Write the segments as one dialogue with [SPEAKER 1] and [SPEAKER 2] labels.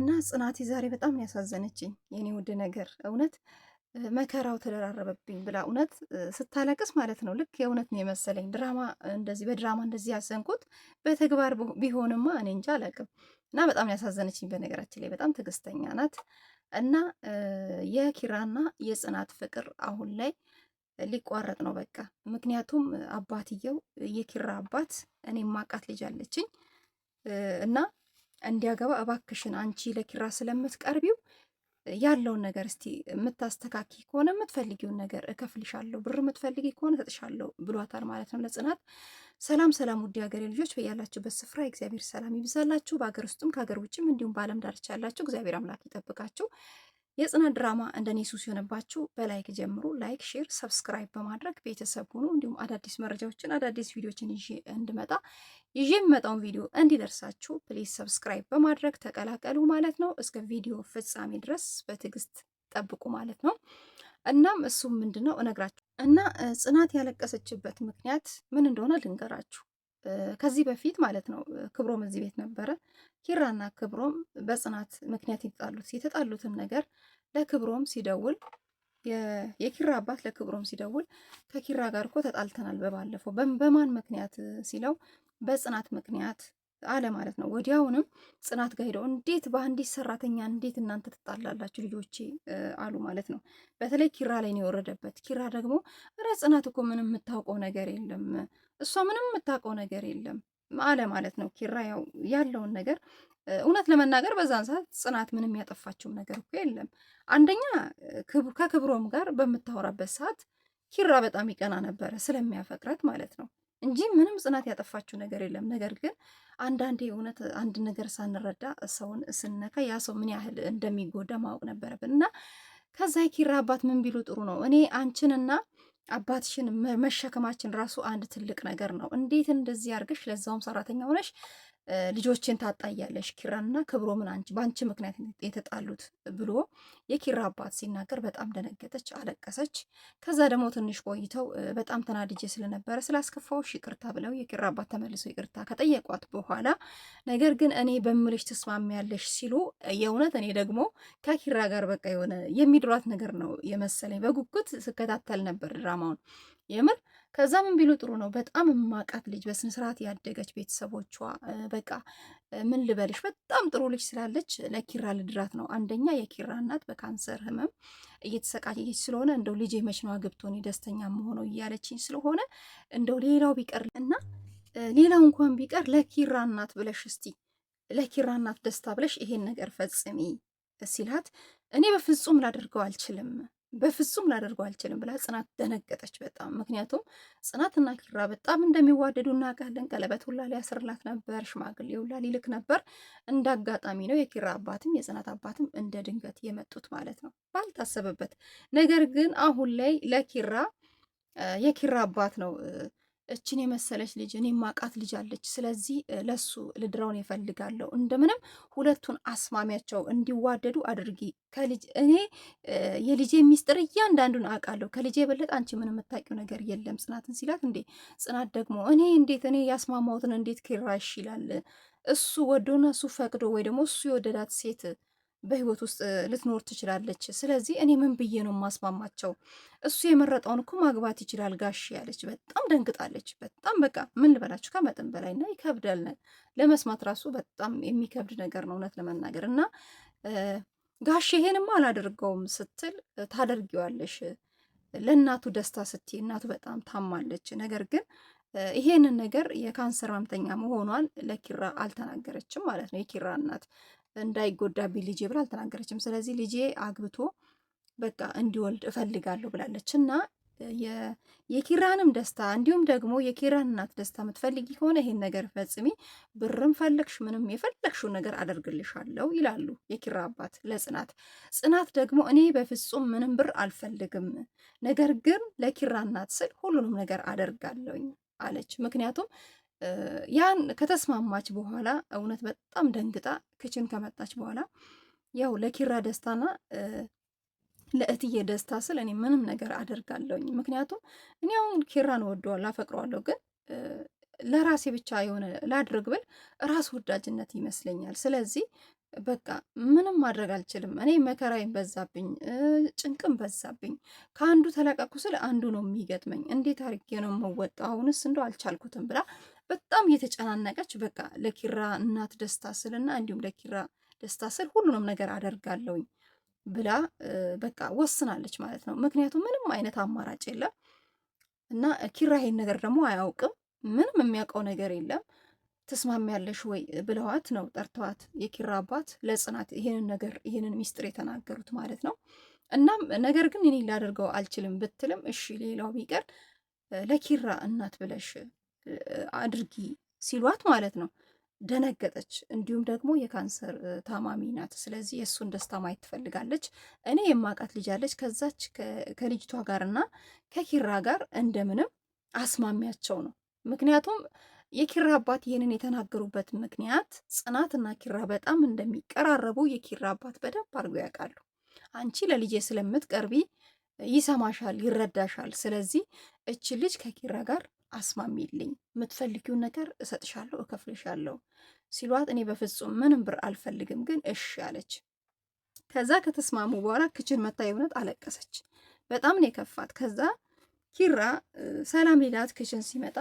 [SPEAKER 1] እና ጽናቴ ዛሬ በጣም ነው ያሳዘነችኝ። የኔ ውድ ነገር እውነት መከራው ተደራረበብኝ ብላ እውነት ስታለቅስ ማለት ነው። ልክ የእውነት ነው የመሰለኝ ድራማ እንደዚህ በድራማ እንደዚህ ያሰንኩት በተግባር ቢሆንማ እኔ እንጃ አላቅም። እና በጣም ያሳዘነችኝ በነገራችን ላይ በጣም ትዕግስተኛ ናት። እና የኪራና የጽናት ፍቅር አሁን ላይ ሊቋረጥ ነው በቃ። ምክንያቱም አባትየው የኪራ አባት እኔ ማቃት ልጅ አለችኝ እና እንዲያገባ እባክሽን አንቺ ለኪራ ስለምትቀርቢው ያለውን ነገር እስቲ የምታስተካኪ ከሆነ የምትፈልጊውን ነገር እከፍልሻለሁ፣ ብር የምትፈልጊ ከሆነ እሰጥሻለሁ ብሏታል ማለት ነው ለጽናት። ሰላም ሰላም፣ ውድ ሀገሬ ልጆች በያላችሁበት ስፍራ እግዚአብሔር ሰላም ይብዛላችሁ። በሀገር ውስጥም ከሀገር ውጭም እንዲሁም በዓለም ዳርቻ ያላችሁ እግዚአብሔር አምላክ ይጠብቃችሁ። የጽናት ድራማ እንደኔ ሱስ ሲሆንባችሁ በላይክ ጀምሩ። ላይክ፣ ሼር፣ ሰብስክራይብ በማድረግ ቤተሰብ ሁኑ። እንዲሁም አዳዲስ መረጃዎችን አዳዲስ ቪዲዮችን ይዤ እንድመጣ ይዤ የሚመጣውን ቪዲዮ እንዲደርሳችሁ ፕሊዝ ሰብስክራይብ በማድረግ ተቀላቀሉ ማለት ነው። እስከ ቪዲዮ ፍጻሜ ድረስ በትዕግስት ጠብቁ ማለት ነው። እናም እሱም ምንድን ነው እነግራችሁ እና ጽናት ያለቀሰችበት ምክንያት ምን እንደሆነ ልንገራችሁ። ከዚህ በፊት ማለት ነው ክብሮም እዚህ ቤት ነበረ። ኪራና ክብሮም በጽናት ምክንያት የተጣሉት የተጣሉትን ነገር ለክብሮም ሲደውል የኪራ አባት ለክብሮም ሲደውል ከኪራ ጋር እኮ ተጣልተናል በባለፈው በማን ምክንያት ሲለው በጽናት ምክንያት አለ ማለት ነው። ወዲያውንም ጽናት ጋር ሄደው እንዴት በአንዲት ሰራተኛ እንዴት እናንተ ትጣላላችሁ ልጆቼ አሉ ማለት ነው። በተለይ ኪራ ላይ ነው የወረደበት። ኪራ ደግሞ ኧረ ጽናት እኮ ምንም የምታውቀው ነገር የለም እሷ ምንም የምታውቀው ነገር የለም አለ ማለት ነው። ኪራ ያው ያለውን ነገር እውነት ለመናገር በዛን ሰዓት ጽናት ምንም ያጠፋችውም ነገር እኮ የለም። አንደኛ ከክብሮም ጋር በምታወራበት ሰዓት ኪራ በጣም ይቀና ነበረ ስለሚያፈቅራት ማለት ነው እንጂ ምንም ጽናት ያጠፋችው ነገር የለም። ነገር ግን አንዳንዴ እውነት አንድ ነገር ሳንረዳ ሰውን ስንነካ ያ ሰው ምን ያህል እንደሚጎዳ ማወቅ ነበረብን እና ከዛ የኪራ አባት ምን ቢሉ ጥሩ ነው እኔ አንቺንና አባትሽን መሸከማችን ራሱ አንድ ትልቅ ነገር ነው። እንዴት እንደዚህ አድርገሽ ለዛውም ሰራተኛ ሆነሽ ልጆችን ታጣያለሽ ኪራንና ክብሮምን አንቺ በአንቺ ምክንያት የተጣሉት ብሎ የኪራ አባት ሲናገር በጣም ደነገጠች፣ አለቀሰች። ከዛ ደግሞ ትንሽ ቆይተው በጣም ተናድጄ ስለነበረ ስላስከፋዎች ይቅርታ ብለው የኪራ አባት ተመልሶ ይቅርታ ከጠየቋት በኋላ ነገር ግን እኔ በምልሽ ትስማሚያለሽ ሲሉ የእውነት እኔ ደግሞ ከኪራ ጋር በቃ የሆነ የሚድሯት ነገር ነው የመሰለኝ። በጉጉት ስከታተል ነበር ድራማውን የምር ከዛ ምን ቢሉ ጥሩ ነው። በጣም የማውቃት ልጅ በስነስርዓት ያደገች ቤተሰቦቿ በቃ ምን ልበልሽ በጣም ጥሩ ልጅ ስላለች ለኪራ ልድራት ነው። አንደኛ የኪራ እናት በካንሰር ህመም እየተሰቃየች ስለሆነ እንደው ልጄ መች ነው አግብቶ እኔ ደስተኛ መሆነው እያለችኝ ስለሆነ እንደው ሌላው ቢቀር እና ሌላው እንኳን ቢቀር ለኪራ እናት ብለሽ እስቲ ለኪራ እናት ደስታ ብለሽ ይሄን ነገር ፈጽሚ ሲላት እኔ በፍጹም ላደርገው አልችልም በፍጹም ላደርገው አልችልም ብላ ጽናት ደነገጠች በጣም ምክንያቱም ጽናትና ኪራ በጣም እንደሚዋደዱ እናውቃለን። ቀለበት ሁላ ሊያስርላት ነበር፣ ሽማግሌ ሁላ ሊልክ ነበር። እንደ አጋጣሚ ነው የኪራ አባትም የጽናት አባትም እንደ ድንገት የመጡት ማለት ነው ባልታሰበበት ነገር። ግን አሁን ላይ ለኪራ የኪራ አባት ነው እችን የመሰለች ልጅ እኔ ማቃት ልጅ አለች። ስለዚህ ለሱ ልድረውን ይፈልጋለሁ። እንደምንም ሁለቱን አስማሚያቸው እንዲዋደዱ አድርጊ። ከልጅ እኔ የልጄ ሚስጥር እያንዳንዱን አውቃለሁ። ከልጄ የበለጠ አንቺ ምን የምታውቂው ነገር የለም ጽናትን ሲላት፣ እንዴ ጽናት ደግሞ እኔ እንዴት እኔ ያስማማሁትን እንዴት ኪራሽ ይላል እሱ ወዶና እሱ ፈቅዶ ወይ ደግሞ እሱ የወደዳት ሴት በህይወት ውስጥ ልትኖር ትችላለች። ስለዚህ እኔ ምን ብዬ ነው ማስማማቸው? እሱ የመረጠውን እኮ ማግባት ይችላል ጋሽ ያለች በጣም ደንግጣለች። በጣም በቃ ምን ልበላችሁ ከመጠን በላይ እና ይከብዳል። ለመስማት ራሱ በጣም የሚከብድ ነገር ነው እውነት ለመናገር እና ጋሽ ይሄንማ አላደርገውም ስትል ታደርጊዋለሽ ለእናቱ ደስታ ስት እናቱ በጣም ታማለች። ነገር ግን ይሄንን ነገር የካንሰር ህመምተኛ መሆኗን ለኪራ አልተናገረችም ማለት ነው የኪራ እናት። እንዳይጎዳብኝ ልጄ ብላ አልተናገረችም። ስለዚህ ልጄ አግብቶ በቃ እንዲወልድ እፈልጋለሁ ብላለች እና የኪራንም ደስታ እንዲሁም ደግሞ የኪራን እናት ደስታ የምትፈልጊ ከሆነ ይሄን ነገር ፈጽሚ፣ ብርም ፈለግሽ ምንም የፈለግሽው ነገር አደርግልሻለሁ ይላሉ የኪራ አባት ለጽናት። ጽናት ደግሞ እኔ በፍጹም ምንም ብር አልፈልግም፣ ነገር ግን ለኪራ እናት ስል ሁሉንም ነገር አደርጋለሁኝ አለች። ምክንያቱም ያን ከተስማማች በኋላ እውነት በጣም ደንግጣ ክችን ከመጣች በኋላ ያው ለኪራ ደስታና ለእትዬ ደስታ ስል እኔ ምንም ነገር አደርጋለሁኝ። ምክንያቱም እኔ አሁን ኪራን ወደዋለሁ፣ አፈቅረዋለሁ ግን ለራሴ ብቻ የሆነ ላድርግ ብል ራስ ወዳጅነት ይመስለኛል። ስለዚህ በቃ ምንም ማድረግ አልችልም። እኔ መከራዬን በዛብኝ፣ ጭንቅም በዛብኝ። ከአንዱ ተለቀኩ ስል አንዱ ነው የሚገጥመኝ። እንዴት አድርጌ ነው የምወጣው? አሁንስ እንደው አልቻልኩትም ብላ በጣም የተጨናነቀች በቃ ለኪራ እናት ደስታ ስልና እንዲሁም ለኪራ ደስታ ስል ሁሉንም ነገር አደርጋለሁኝ ብላ በቃ ወስናለች ማለት ነው። ምክንያቱም ምንም አይነት አማራጭ የለም እና ኪራ ይሄን ነገር ደግሞ አያውቅም። ምንም የሚያውቀው ነገር የለም። ትስማሚያለሽ ወይ ብለዋት ነው ጠርተዋት የኪራ አባት ለጽናት ይህንን ነገር ይህንን ሚስጥር የተናገሩት ማለት ነው። እናም ነገር ግን እኔ ላደርገው አልችልም ብትልም እሺ ሌላው ቢቀር ለኪራ እናት ብለሽ አድርጊ ሲሏት ማለት ነው ደነገጠች። እንዲሁም ደግሞ የካንሰር ታማሚ ናት። ስለዚህ የእሱን ደስታ ማየት ትፈልጋለች። እኔ የማውቃት ልጅ አለች። ከዛች ከልጅቷ ጋር ከኪራ ጋር እንደምንም አስማሚያቸው ነው። ምክንያቱም የኪራ አባት ይህንን የተናገሩበት ምክንያት ጽናትና ኪራ በጣም እንደሚቀራረቡ የኪራ አባት በደንብ አድርገው ያውቃሉ። አንቺ ለልጄ ስለምትቀርቢ ይሰማሻል፣ ይረዳሻል። ስለዚህ እች ልጅ ከኪራ ጋር አስማሚልኝ፣ የምትፈልጊውን ነገር እሰጥሻለሁ፣ እከፍልሻለሁ ሲሏት እኔ በፍጹም ምንም ብር አልፈልግም፣ ግን እሺ አለች። ከዛ ከተስማሙ በኋላ ክችን መታ የእውነት አለቀሰች። በጣም ነው የከፋት። ከዛ ኪራ ሰላም ሌላት ክችን ሲመጣ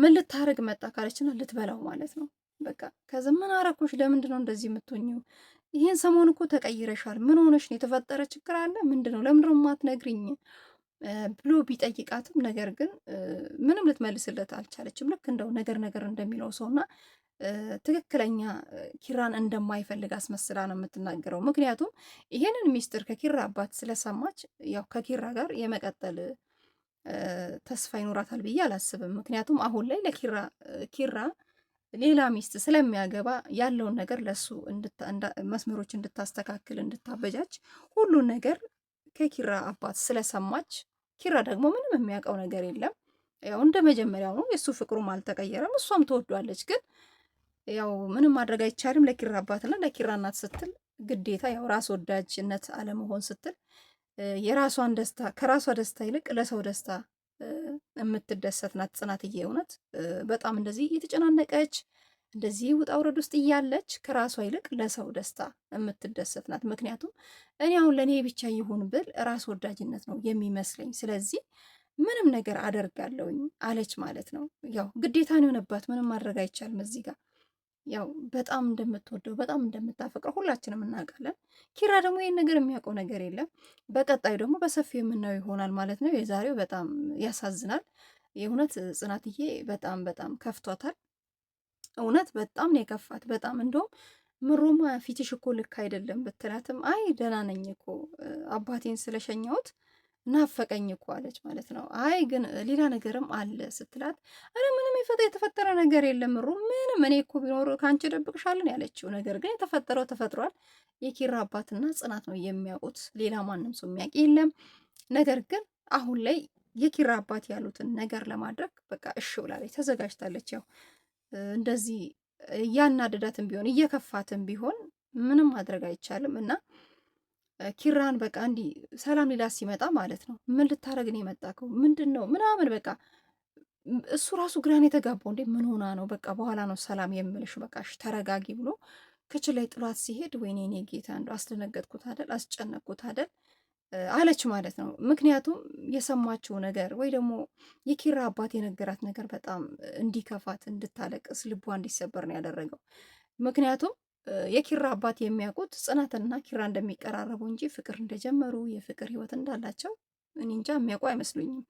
[SPEAKER 1] ምን ልታረግ መጣ ካለችና ልትበላው ማለት ነው በቃ። ከዚ ምን አረኮች? ለምንድን ነው እንደዚህ የምትሆኝው? ይህን ሰሞን እኮ ተቀይረሻል። ምን ሆነሽ ነው? የተፈጠረ ችግር አለ? ምንድን ነው? ለምንድን ነው የማትነግሪኝ? ብሎ ቢጠይቃትም ነገር ግን ምንም ልትመልስለት አልቻለችም። ልክ እንደው ነገር ነገር እንደሚለው ሰውና ትክክለኛ ኪራን እንደማይፈልግ አስመስላ ነው የምትናገረው። ምክንያቱም ይሄንን ሚስጥር ከኪራ አባት ስለሰማች ያው ከኪራ ጋር የመቀጠል ተስፋ ይኖራታል ብዬ አላስብም። ምክንያቱም አሁን ላይ ለኪራ ኪራ ሌላ ሚስት ስለሚያገባ ያለውን ነገር ለሱ መስመሮች እንድታስተካክል እንድታበጃች ሁሉን ነገር ከኪራ አባት ስለሰማች ኪራ ደግሞ ምንም የሚያውቀው ነገር የለም። ያው እንደ መጀመሪያው ነው። የእሱ ፍቅሩም አልተቀየረም። እሷም ትወዷለች። ግን ያው ምንም ማድረግ አይቻልም። ለኪራ አባትና ለኪራ እናት ስትል ግዴታ ያው ራስ ወዳጅነት አለመሆን ስትል የራሷን ደስታ ከራሷ ደስታ ይልቅ ለሰው ደስታ የምትደሰት ናት ጽናትዬ። እውነት በጣም እንደዚህ እየተጨናነቀች እንደዚህ ውጣ ውረድ ውስጥ እያለች ከራሷ ይልቅ ለሰው ደስታ የምትደሰት ናት። ምክንያቱም እኔ አሁን ለእኔ ብቻ ይሁን ብል ራስ ወዳጅነት ነው የሚመስለኝ። ስለዚህ ምንም ነገር አደርጋለውኝ አለች ማለት ነው። ያው ግዴታን የሆነባት ምንም ማድረግ አይቻልም እዚህ ጋር ያው በጣም እንደምትወደው በጣም እንደምታፈቅረው ሁላችንም እናውቃለን። ኪራ ደግሞ ይህን ነገር የሚያውቀው ነገር የለም። በቀጣዩ ደግሞ በሰፊው የምናየው ይሆናል ማለት ነው። የዛሬው በጣም ያሳዝናል። የእውነት ጽናትዬ በጣም በጣም ከፍቷታል። እውነት በጣም ነው የከፋት። በጣም እንደውም ምሩማ ፊትሽ እኮ ልክ አይደለም ብትላትም አይ ደህና ነኝ እኮ አባቴን ስለሸኘሁት ናፈቀኝ እኮ አለች ማለት ነው። አይ ግን ሌላ ነገርም አለ ስትላት፣ አረ ምንም የተፈጠረ ነገር የለም ምሩ፣ ምንም እኔ እኮ ቢኖር ከአንቺ ደብቅሻለን ያለችው ነገር ግን የተፈጠረው ተፈጥሯል። የኪራ አባትና ጽናት ነው የሚያውቁት፣ ሌላ ማንም ሰው የሚያውቅ የለም። ነገር ግን አሁን ላይ የኪራ አባት ያሉትን ነገር ለማድረግ በቃ እሺ ብላለች፣ ተዘጋጅታለች ያው እንደዚህ እያናደዳትም ቢሆን እየከፋትም ቢሆን ምንም ማድረግ አይቻልም እና ኪራን በቃ እንዲህ ሰላም ሌላ ሲመጣ ማለት ነው ምን ልታደረግን የመጣከው? ምንድን ነው ምናምን በቃ እሱ ራሱ ግራን የተጋባው እንዴ ምን ሆና ነው? በቃ በኋላ ነው ሰላም የምልሽ በቃ ተረጋጊ ብሎ ከች ላይ ጥሏት ሲሄድ ወይኔ እኔ ጌታ እንደው አስደነገጥኩት አደል አስጨነቅኩት አደል አለች ማለት ነው። ምክንያቱም የሰማችው ነገር ወይ ደግሞ የኪራ አባት የነገራት ነገር በጣም እንዲከፋት፣ እንድታለቅስ፣ ልቧ እንዲሰበር ነው ያደረገው። ምክንያቱም የኪራ አባት የሚያውቁት ጽናትና ኪራ እንደሚቀራረቡ እንጂ ፍቅር እንደጀመሩ የፍቅር ህይወት እንዳላቸው እኔ እንጃ የሚያውቁ አይመስሉኝም።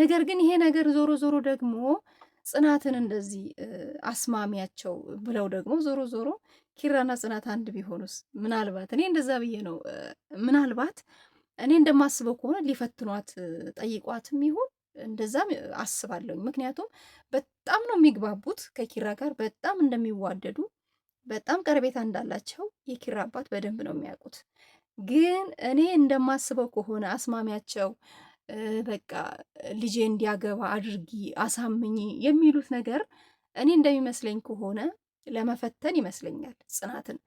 [SPEAKER 1] ነገር ግን ይሄ ነገር ዞሮ ዞሮ ደግሞ ጽናትን እንደዚህ አስማሚያቸው ብለው ደግሞ ዞሮ ዞሮ ኪራና ጽናት አንድ ቢሆኑስ ምናልባት እኔ እንደዛ ብዬ ነው ምናልባት እኔ እንደማስበው ከሆነ ሊፈትኗት ጠይቋትም ይሁን እንደዛም አስባለሁኝ ምክንያቱም በጣም ነው የሚግባቡት ከኪራ ጋር በጣም እንደሚዋደዱ በጣም ቀረቤታ እንዳላቸው የኪራ አባት በደንብ ነው የሚያውቁት። ግን እኔ እንደማስበው ከሆነ አስማሚያቸው በቃ ልጄ እንዲያገባ አድርጊ አሳምኝ የሚሉት ነገር እኔ እንደሚመስለኝ ከሆነ ለመፈተን ይመስለኛል ጽናትን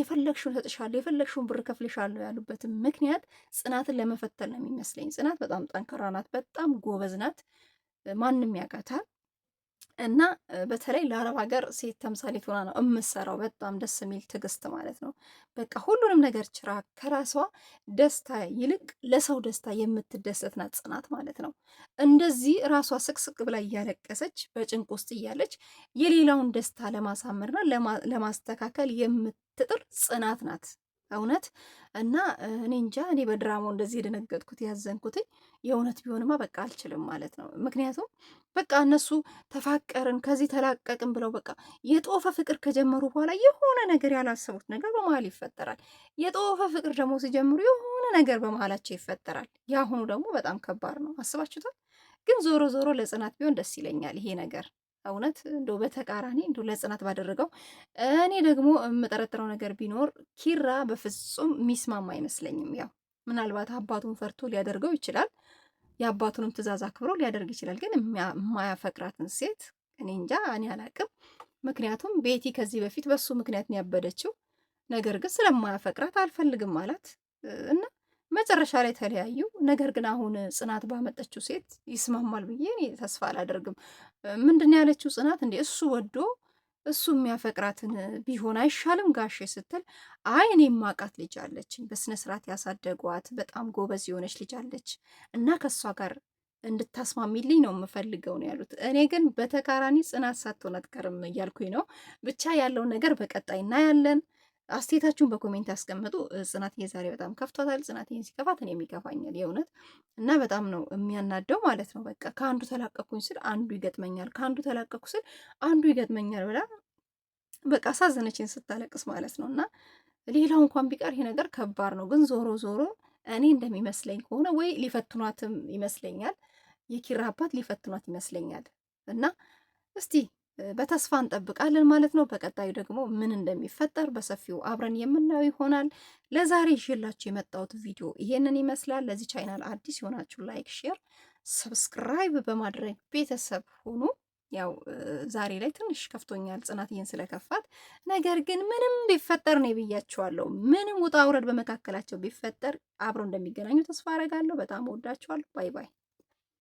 [SPEAKER 1] የፈለግሽውን እሰጥሻለሁ የፈለግሽውን ብር ከፍልሻለሁ ያሉበትን ምክንያት ጽናትን ለመፈተን ነው የሚመስለኝ። ጽናት በጣም ጠንካራ ናት፣ በጣም ጎበዝ ናት፣ ማንም ያውቃታል። እና በተለይ ለአረብ ሀገር ሴት ተምሳሌት ሆና ነው የምሰራው። በጣም ደስ የሚል ትዕግስት ማለት ነው። በቃ ሁሉንም ነገር ችራ ከራሷ ደስታ ይልቅ ለሰው ደስታ የምትደሰት ናት ጽናት ማለት ነው። እንደዚህ ራሷ ስቅስቅ ብላ እያለቀሰች በጭንቅ ውስጥ እያለች የሌላውን ደስታ ለማሳመርና ለማስተካከል የምትጥር ጽናት ናት እውነት እና እኔ እንጃ እኔ በድራማው እንደዚህ የደነገጥኩት ያዘንኩትኝ የእውነት ቢሆንማ በቃ አልችልም ማለት ነው። ምክንያቱም በቃ እነሱ ተፋቀርን ከዚህ ተላቀቅን ብለው በቃ የጦፈ ፍቅር ከጀመሩ በኋላ የሆነ ነገር ያላሰቡት ነገር በመሀል ይፈጠራል። የጦፈ ፍቅር ደግሞ ሲጀምሩ የሆነ ነገር በመሀላቸው ይፈጠራል። የአሁኑ ደግሞ በጣም ከባድ ነው። አስባችሁታል። ግን ዞሮ ዞሮ ለጽናት ቢሆን ደስ ይለኛል ይሄ ነገር እውነት እንዶ በተቃራኒ እንዶ ለጽናት ባደረገው። እኔ ደግሞ የምጠረጥረው ነገር ቢኖር ኪራ በፍጹም ሚስማማ አይመስለኝም። ያው ምናልባት አባቱን ፈርቶ ሊያደርገው ይችላል፣ የአባቱንም ትዕዛዝ አክብሮ ሊያደርግ ይችላል። ግን የማያፈቅራትን ሴት እኔ እንጃ፣ እኔ አላቅም። ምክንያቱም ቤቲ ከዚህ በፊት በሱ ምክንያት ነው ያበደችው። ነገር ግን ስለማያፈቅራት አልፈልግም አላት እና መጨረሻ ላይ ተለያዩ። ነገር ግን አሁን ጽናት ባመጠችው ሴት ይስማማል ብዬ እኔ ተስፋ አላደርግም። ምንድን ያለችው ጽናት እንዴ እሱ ወዶ እሱ የሚያፈቅራትን ቢሆን አይሻልም ጋሼ ስትል፣ አይ እኔ የማውቃት ልጅ አለችኝ፣ በስነስርዓት ያሳደጓት በጣም ጎበዝ የሆነች ልጅ አለች እና ከእሷ ጋር እንድታስማሚልኝ ነው የምፈልገው ነው ያሉት። እኔ ግን በተቃራኒ ጽናት ሳትሆን አትቀርም እያልኩኝ ነው። ብቻ ያለውን ነገር በቀጣይ እናያለን። አስተያየታችሁን በኮሜንት አስቀምጡ። ጽናትዬ ዛሬ በጣም ከፍቷታል። ጽናትዬን ሲከፋት እኔም ይከፋኛል የእውነት እና በጣም ነው የሚያናደው ማለት ነው። በቃ ከአንዱ ተላቀኩኝ ስል አንዱ ይገጥመኛል፣ ከአንዱ ተላቀኩ ስል አንዱ ይገጥመኛል ብላ በቃ አሳዘነችን ስታለቅስ ማለት ነው። እና ሌላው እንኳን ቢቀር ይሄ ነገር ከባድ ነው፣ ግን ዞሮ ዞሮ እኔ እንደሚመስለኝ ከሆነ ወይ ሊፈትኗትም ይመስለኛል፣ የኪራ አባት ሊፈትኗት ይመስለኛል እና እስቲ በተስፋ እንጠብቃለን ማለት ነው። በቀጣዩ ደግሞ ምን እንደሚፈጠር በሰፊው አብረን የምናየው ይሆናል። ለዛሬ ይዤላችሁ የመጣሁት ቪዲዮ ይሄንን ይመስላል። ለዚህ ቻይናል አዲስ የሆናችሁ ላይክ፣ ሼር፣ ሰብስክራይብ በማድረግ ቤተሰብ ሁኑ። ያው ዛሬ ላይ ትንሽ ከፍቶኛል ይህን ስለከፋት። ነገር ግን ምንም ቢፈጠር ነው ብያችኋለሁ። ምንም ውጣ ውረድ በመካከላቸው ቢፈጠር አብረው እንደሚገናኙ ተስፋ አረጋለሁ። በጣም ወዳችኋለሁ። ባይ ባይ።